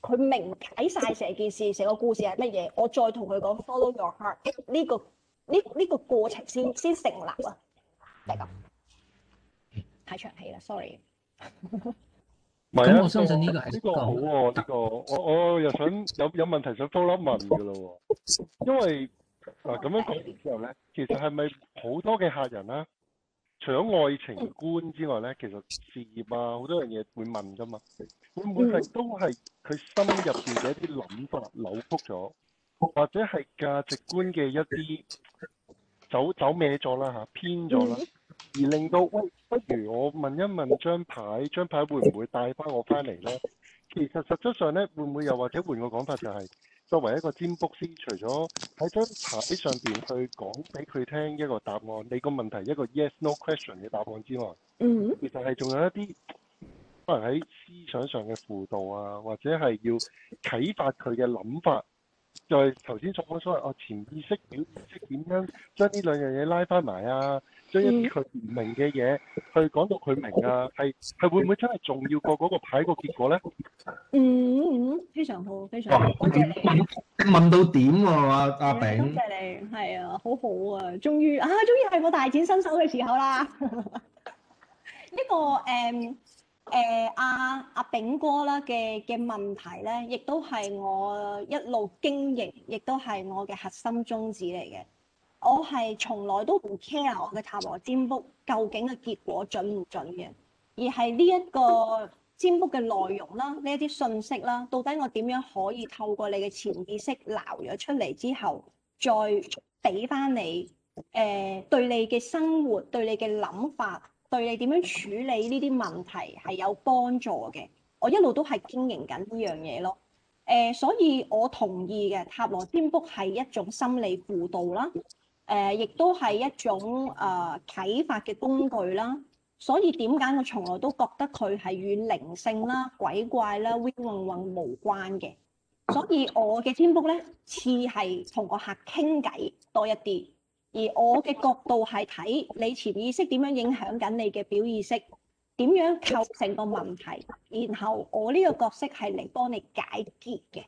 B: 佢明解晒成件事、成個故事係乜嘢，我再同佢講 follow your heart 呢、這個。呢呢、這個這個過程先
D: 先成立啊，係、這、咁、個、太長氣啦，Sorry。咁、 啊、我相信呢個呢個，個好喎、啊、呢、這個 我我又想有有問題想多粒問噶咯喎，因為嗱咁、啊、樣講完之後咧， 其實係咪好多嘅客人啦，除咗愛情觀之外咧，其實事業啊好多樣嘢會問噶嘛，會唔會係、嗯、都係佢心入邊嘅一啲諗法扭曲咗？或者係價值觀嘅一啲走走歪咗啦吓，偏咗啦，而令到喂，不如我問一問張牌，張牌會唔會帶翻我翻嚟呢？其實實質上呢，會唔會又或者換個講法、就係，就係作為一個占卜師，除咗喺張牌上邊去講俾佢聽一個答案，你個問題一個 yes no question 嘅答案之外，嗯，其實係仲有一啲可能喺思想上嘅輔導啊，或者係要啟發佢嘅諗法。就係頭先所講所謂，哦，潛意識、表意識點樣將呢兩樣嘢拉翻埋啊？將一啲佢唔明嘅嘢，去講到佢明啊？係係會唔會真係重要過嗰個牌個結果咧？
B: 嗯，非常好，非常
D: 好。問問到點喎，阿阿炳？多
B: 謝你，係啊，好好啊，終於啊，終於係我大展身手嘅時候啦！呢個誒。誒，阿阿炳哥啦嘅嘅問題咧，亦都係我一路經營，亦都係我嘅核心宗旨嚟嘅。我係從來都唔 care 我嘅塔羅占卜究竟嘅結果準唔準嘅，而係呢一個占卜嘅內容啦，呢一啲信息啦，到底我點樣可以透過你嘅潛意識撈咗出嚟之後，再俾翻你誒、呃、對你嘅生活，對你嘅諗法。對你點樣處理呢啲問題係有幫助嘅，我一路都係經營緊呢樣嘢咯。誒、呃，所以我同意嘅塔羅占卜係一種心理輔導啦，誒、呃，亦都係一種誒、呃、啟發嘅工具啦。所以點解我從來都覺得佢係與靈性啦、鬼怪啦、暈暈無關嘅。所以我嘅占卜咧，似係同個客傾偈多一啲。而我嘅角度係睇你潛意識點樣影響緊你嘅表意識，點樣構成個問題，然後我呢個角色係嚟幫你解決嘅。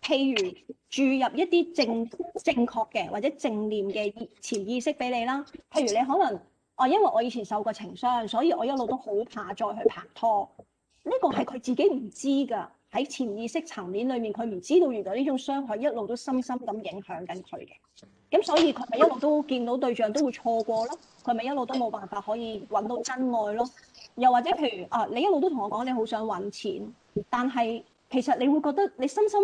B: 譬如注入一啲正正確嘅或者正念嘅潛意識俾你啦。譬如你可能，啊、哦，因為我以前受過情傷，所以我一路都好怕再去拍拖。呢、這個係佢自己唔知噶，喺潛意識層面裏面，佢唔知道原來呢種傷害一路都深深咁影響緊佢嘅。咁、嗯、所以佢咪一路都見到對象都會錯過咯，佢咪一路都冇辦法可以揾到真愛咯？又或者譬如啊，你一路都同我講你好想揾錢，但係其實你會覺得你深深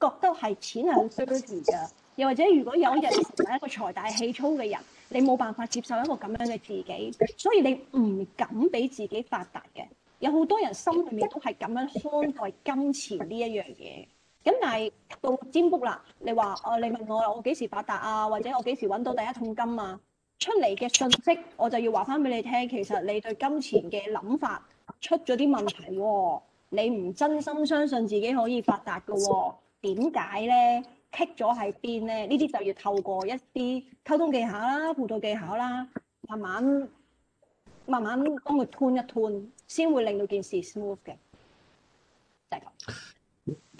B: 覺得係錢係好重要㗎。又或者如果有一日你成為一個財大氣粗嘅人，你冇辦法接受一個咁樣嘅自己，所以你唔敢俾自己發達嘅。有好多人心裏面都係咁樣看待金錢呢一樣嘢。咁但係到占卜啦，你話哦、啊，你問我我幾時發達啊，或者我幾時揾到第一桶金啊？出嚟嘅信息我就要話翻俾你聽，其實你對金錢嘅諗法出咗啲問題喎、啊，你唔真心相信自己可以發達㗎喎、啊，點解咧？棘咗喺邊咧？呢啲就要透過一啲溝通技巧啦、啊、輔導技巧啦、啊，慢慢慢慢幫佢 turn 一 turn 先會令到件事 smooth 嘅。
C: 就係、是、咁。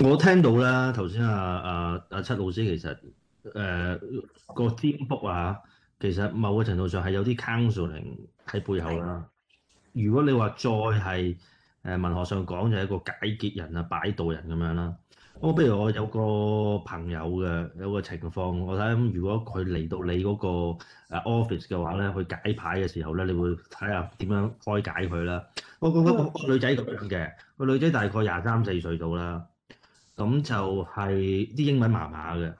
C: 我聽到啦，頭先啊啊阿七老師其實誒、呃、個占卜啊，其實某個程度上係有啲 counseling 喺背後啦。如果你話再係誒、呃、文學上講，就係一個解結人啊、擺渡人咁樣啦。咁不如我有個朋友嘅有個情況，我睇下。如果佢嚟到你嗰個 office 嘅話咧，去解牌嘅時候咧，你會睇下點樣開解佢啦。
D: 我、覺得個，個，個，
C: 個，個，個女仔講嘅個女仔大概廿三四歲到啦。咁就係啲英文麻麻嘅，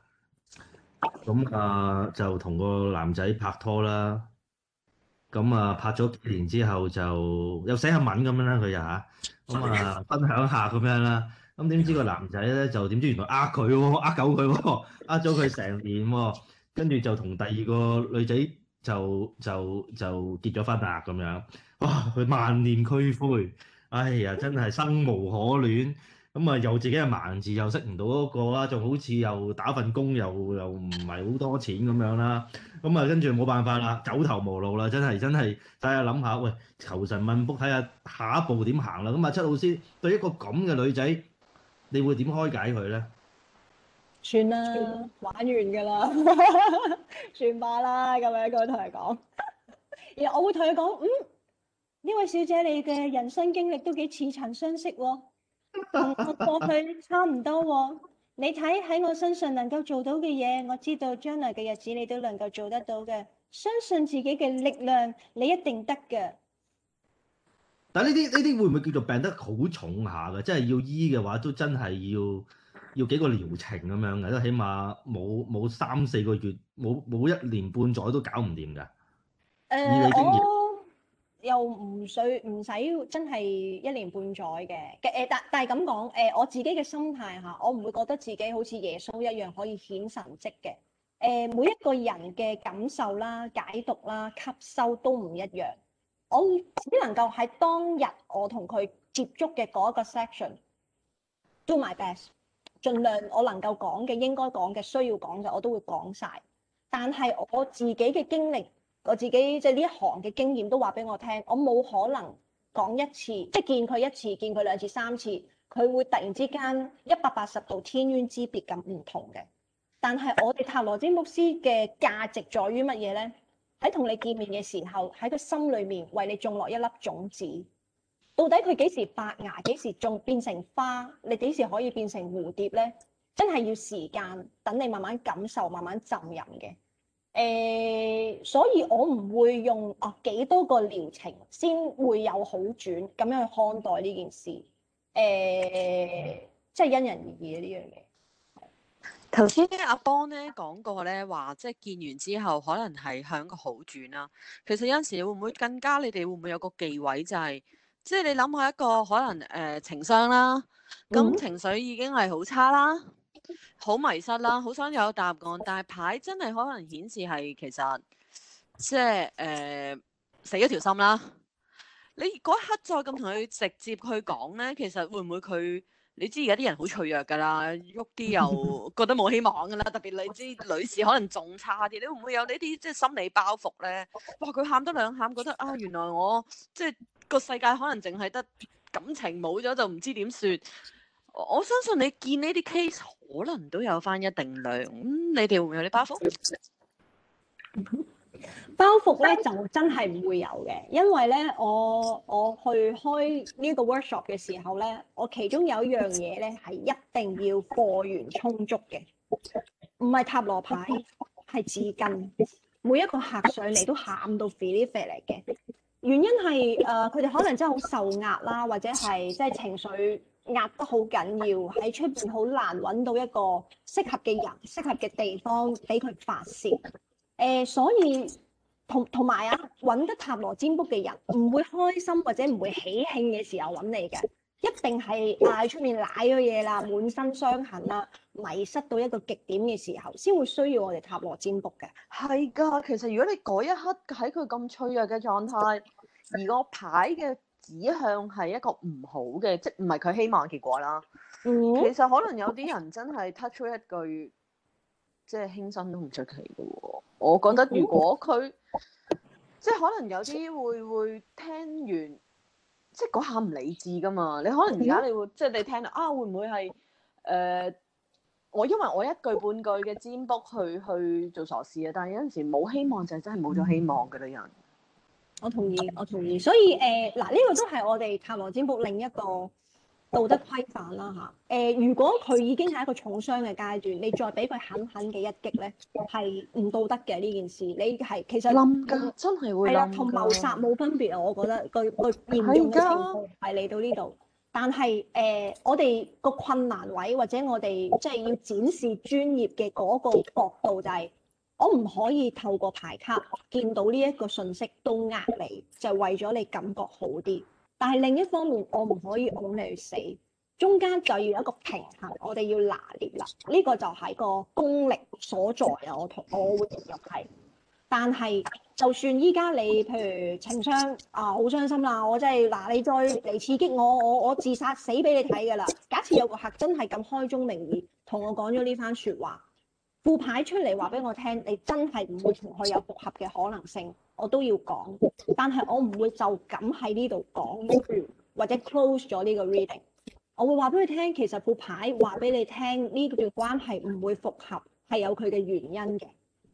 C: 咁啊就同個男仔拍拖啦，咁啊拍咗幾年之後就又寫下文咁樣啦，佢又吓，咁啊分享下咁樣啦，咁點知個男仔咧就點知原來呃佢喎，呃狗佢喎、哦，呃咗佢成年喎、哦，跟住就同第二個女仔就就就結咗婚啊，咁樣，哇！佢萬念俱灰，哎呀，真係生無可戀。 咁啊，又自己係盲字，又識唔到嗰個啦，仲好似又打份工，又又唔係好多錢咁樣啦。咁啊，跟住冇辦法啦，走投無路啦，真係真係，睇下諗下，喂，求神問卜，睇下下一步點行啦。咁啊，七老師對一個咁嘅女仔，你會點開解佢咧？
B: 算啦了，玩完㗎啦， 算吧啦，咁樣佢同人講。 而我會同佢講，嗯，呢位小姐你嘅人生經歷都幾似曾相識喎。同我過去差唔多喎，你睇喺我身上能夠做到嘅嘢，我知道將來嘅日子你都能夠做得到嘅，相信自己嘅力量，你一定得嘅。
C: 但係呢啲呢啲會唔會叫做病得好重下、啊、㗎？即係要醫嘅話，都真係要要幾個療程咁樣嘅，都起碼冇冇三四個月，冇冇一年半載都搞唔掂㗎。誒
B: 哦、呃。又唔需唔使真係一年半載嘅，嘅誒，但但係咁講，誒我自己嘅心態吓，我唔會覺得自己好似耶穌一樣可以顯神蹟嘅。誒每一個人嘅感受啦、解讀啦、吸收都唔一樣，我只能夠喺當日我同佢接觸嘅嗰一個 section，do my best，盡量我能夠講嘅、應該講嘅、需要講嘅我都會講晒。但係我自己嘅經歷。我自己即係呢一行嘅經驗都話俾我聽，我冇可能講一次，即係見佢一次、見佢兩次、三次，佢會突然之間一百八十度天淵之別咁唔同嘅。但係我哋塔羅占卜師嘅價值在於乜嘢咧？喺同你見面嘅時候，喺佢心裏面為你種落一粒種子。到底佢幾時發芽，幾時種變成花，你幾時可以變成蝴蝶咧？真係要時間等你慢慢感受、慢慢浸淫嘅。誒、欸，所以我唔會用啊幾多個療程先會有好轉咁樣去看待呢件事。誒、欸，即係因人而異呢樣嘢。
E: 頭先，阿邦咧講過咧話，即係見完之後可能係向個好轉啦。其實有陣時，會唔會更加？你哋會唔會有個忌諱，就是，就係即係你諗下一個可能誒、呃、情商啦，
D: 咁情
E: 緒已經係好差啦。嗯嗯好迷失啦，好想有答案，但係牌真係可能顯示係其實即係誒、呃、死咗條心啦。你嗰一刻再咁同佢直接去講咧，其實會唔會佢你知而家啲人好脆弱噶啦，喐啲又覺得冇希望噶啦。特別你知女士可能仲差啲，你會唔會有呢啲即係心理包袱咧？哇！佢喊多兩喊，覺得啊，原來我即係個世界可能淨係得感情，冇咗就唔知點算。我相信你見呢啲 case 可能都有翻一定量，咁、嗯、你哋會唔會有啲包袱？
B: 包袱咧就真係唔會有嘅，因為咧我我去開呢個 workshop 嘅時候咧，我其中有一樣嘢咧係一定要貨源充足嘅，唔係塔羅牌，係紙巾。每一個客上嚟都喊到 feel feel 嚟嘅，原因係誒佢哋可能真係好受壓啦，或者係即係情緒。壓得好緊要，喺出邊好難揾到一個適合嘅人、適合嘅地方俾佢發泄。誒、呃，所以同同埋啊，揾得塔羅占卜嘅人唔會開心或者唔會喜慶嘅時候揾你嘅，一定係喺出面賴咗嘢啦，滿身傷痕啦，迷失到一個極點嘅時候，先會需要我哋塔羅占卜嘅。係㗎，其實如果你嗰一刻
E: 喺佢咁脆弱嘅狀態，而個牌嘅指向係一個唔好嘅，即唔係佢希望嘅結果啦。Mm hmm. 其實可能有啲人真係 touch 出一句，即係輕生都唔出奇嘅喎。我覺得如果佢，mm hmm. 即係可能有啲會會聽完，即係嗰下唔理智㗎嘛。你可能而家你會、mm hmm. 即係你聽到啊，會唔會係誒、呃？我因為我一句半句嘅占卜去去做傻事啊，但係有陣時冇希望就係真係冇咗希望
B: 嘅啦，人。我同意，我同意。所以誒，嗱、呃、呢、這個都係我哋《塔羅占卜》另一個道德規範啦嚇。誒、呃，如果佢已經係一個重傷嘅階段，你再俾佢狠狠嘅一擊咧，係唔道德嘅呢件事。你係其實冧㗎，的它真係會係啊，同謀殺冇分別啊！我覺得佢佢嚴重嘅情況係嚟到呢度。的但係誒、呃，我哋個困難位或者我哋即係要展示專業嘅嗰個角度就係、是。我唔可以透過牌卡見到呢一個信息都呃你，就為咗你感覺好啲。但係另一方面，我唔可以㧬你去死。中間就要有一個平衡，我哋要拿捏啦。呢、這個就係個功力所在啊！我同我會融入係。但係就算依家你譬如情商啊好傷心啦，我真係嗱你再嚟刺激我，我我自殺死俾你睇㗎啦。假設有個客真係咁開宗明義同我講咗呢番說話。副牌出嚟話俾我聽，你真係唔會同佢有複合嘅可能性，我都要講。但係我唔會就咁喺呢度講，或者 close 咗呢個 reading。我會話俾佢聽，其實副牌話俾你聽呢段關係唔會複合，係有佢嘅原因嘅。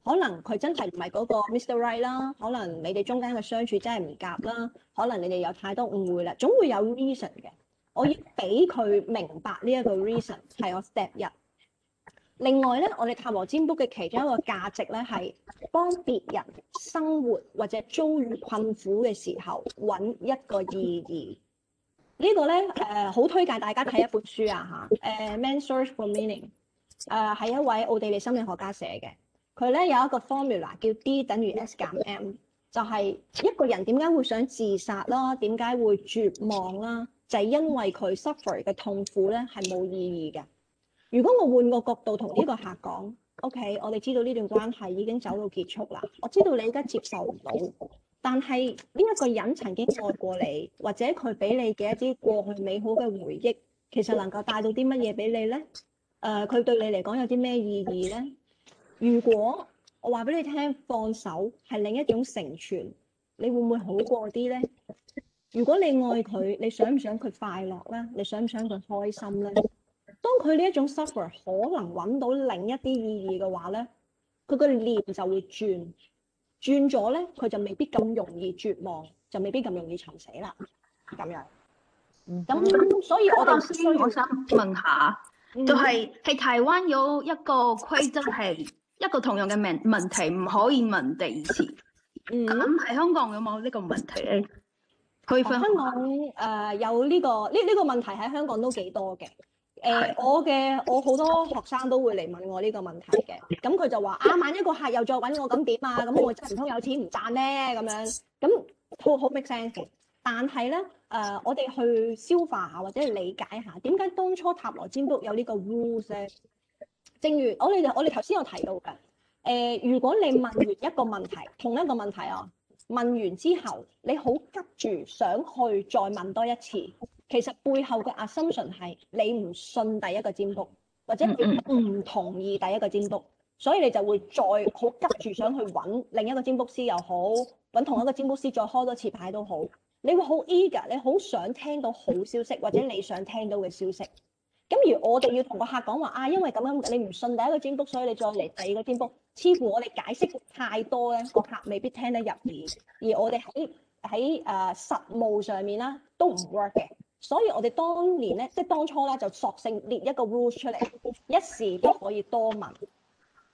B: 可能佢真係唔係嗰個 Mr. Right 啦，可能你哋中間嘅相處真係唔夾啦，可能你哋有太多誤會啦，總會有 reason 嘅。我要俾佢明白呢一個 reason 係我 step 一。另外咧，我哋《塔羅占卜》嘅其中一個價值咧，係幫別人生活或者遭遇困苦嘅時候揾一個意義。這個、呢個咧，誒、呃、好推介大家睇一本書啊嚇，誒《Man's Search for Meaning》誒、呃、係一位奧地利心理學家寫嘅。佢咧有一個 formula 叫 D 等於 S 減 M，就係一個人點解會想自殺啦？點解會絕望啦？就係、是、因為佢 suffer 嘅痛苦咧係冇意義嘅。如果我換個角度同呢個客講，OK，我哋知道呢段關係已經走到結束啦。我知道你而家接受唔到，但係呢一個人曾經愛過你，或者佢俾你嘅一啲過去美好嘅回憶，其實能夠帶到啲乜嘢俾你呢？誒、呃，佢對你嚟講有啲咩意義呢？如果我話俾你聽，放手係另一種成全，你會唔會好過啲呢？如果你愛佢，你想唔想佢快樂呢？你想唔想佢開心呢？當佢呢一種 suffer 可能揾到另一啲意義嘅話咧，佢個念就會轉，轉咗咧，佢就未必咁容易絕望，就未必咁容易尋死啦。咁樣，咁所以我都先，我想問下，嗯、就係喺台灣有一個規則係一個同樣嘅問問題唔可以問第二次。咁喺、嗯、香港有冇呢個問題咧？佢香港誒、呃、有呢、呢個呢呢、呢個問題喺香港都幾多嘅。誒、呃，我嘅我好多學生都會嚟問我呢個問題嘅，咁、呃、佢就話啊，萬一個客又再揾我，咁點啊？咁、嗯、我真係唔通有錢唔賺咩？咁樣咁好好 make sense。但係咧，誒、呃，我哋去消化下或者理解下，點解當初塔羅占卜有個呢個 rules 聲？正如我哋我哋頭先有提到㗎，誒、呃，如果你問完一個問題，同一個問題啊，問完之後，你好急住想去再問多一次。其實背後嘅 assumption 係：你唔信第一個占卜，或者唔同意第一個占卜，所以你就會再好急住想去揾另一個占卜師又好，揾同一個占卜師再開多次牌都好，你會好 eager，你好想聽到好消息或者你想聽到嘅消息。咁而我哋要同個客講話啊，因為咁樣你唔信第一個占卜，所以你再嚟第二個占卜。似乎我哋解釋太多咧，個客未必聽得入耳，而我哋喺喺誒實務上面啦都唔 work 嘅。所以我哋當年咧，即係當初咧，就索性列一個 rule 出嚟，一時都可以多問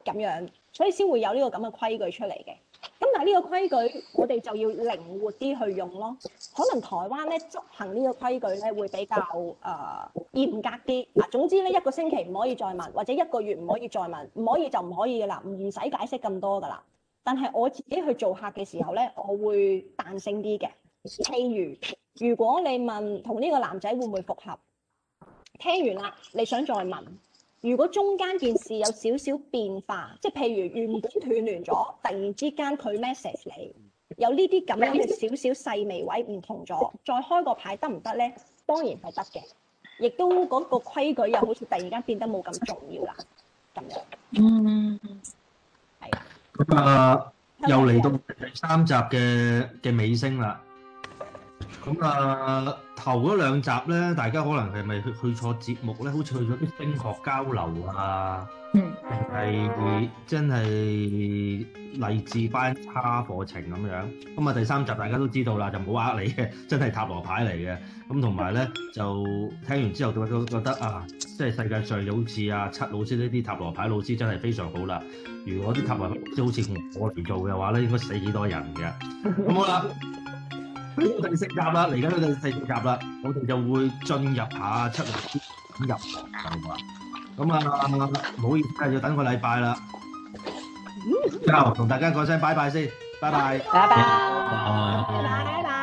B: 咁樣，所以先會有呢個咁嘅規矩出嚟嘅。咁但係呢個規矩，我哋就要靈活啲去用咯。可能台灣咧，執行呢個規矩咧，會比較誒、呃、嚴格啲。嗱，總之咧，一個星期唔可以再問，或者一個月唔可以再問，唔可以就唔可以噶啦，唔使解釋咁多噶啦。但係我自己去做客嘅時候咧，我會彈性啲嘅，譬如。如果你問同呢個男仔會唔會復合，聽完啦，你想再問，如果中間件事有少少變化，即係譬如原本斷聯咗，突然之間佢 message 你，有呢啲咁樣嘅少少細微位唔同咗，再開個牌得唔得咧？當然係得嘅，亦都嗰個規矩又好似突然間變得冇咁重要啦，咁樣。
D: 嗯，
C: 係啊。咁啊，
D: 又嚟到
C: 第三集嘅嘅尾聲啦。咁啊，頭嗰兩集咧，大家可能係咪去去錯節目咧？好似去咗啲升學交流啊，係、啊、真係勵志班差課程咁樣。咁啊，第三集大家都知道啦，就冇呃你嘅，真係塔羅牌嚟嘅。咁同埋咧，就聽完之後都覺得啊，即係世界上有好似阿七老師呢啲塔羅牌老師真係非常好啦。如果啲塔羅啊，即係好似同我嚟做嘅話咧，應該死幾多人嘅。咁好冇啦。 呢個就係第四集啦，嚟緊呢個係第四集啦，我哋就會進入下七日之入場計劃。咁啊，唔好意思，要等個禮拜啦。之後同大家講聲拜拜先，拜拜，拜拜，
D: 拜拜，拜拜。